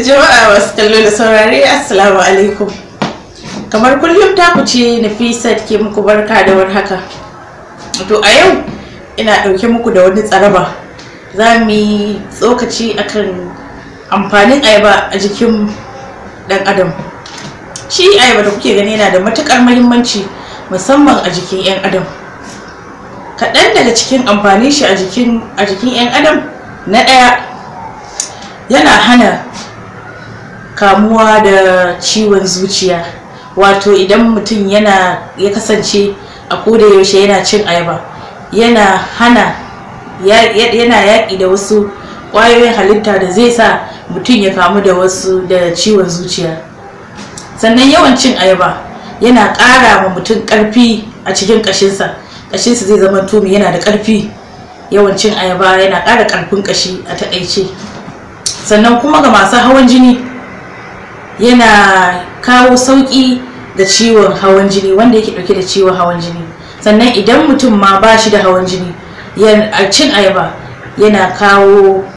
jama'a masu kallo da saurare assalamu alaikum kamar kullum ta ku ce nafisat ke muku barka da haka to a yau ina ɗauke muku da wani tsaraba za mu yi tsokaci akan amfanin ayaba a jikin ɗan adam shi ayaba da kuke gani yana da matuƙar muhimmanci musamman a jikin 'yan adam kaɗan daga cikin amfanin shi a jikin 'yan adam na ɗaya yana hana kamuwa da ciwon zuciya wato idan mutum yana ya kasance a koda yaushe yana cin ayaba yana hana yana yaƙi da wasu ƙwayoyin halitta da zai sa mutum ya kamu da wasu da ciwon zuciya sannan yawan cin ayaba yana ƙara ma mutum ƙarfi a cikin ƙashinsa ƙashinsa zai zama tumi yana da ƙarfi yawan cin ayaba yana ƙara ƙarfin ƙashi a taƙaice sannan kuma ga masu hawan jini yana kawo sauƙi da ciwon hawan jini wanda yake ɗauke da ciwon hawan jini sannan idan mutum ma ba shi da hawan jini cin ayaba yana kawo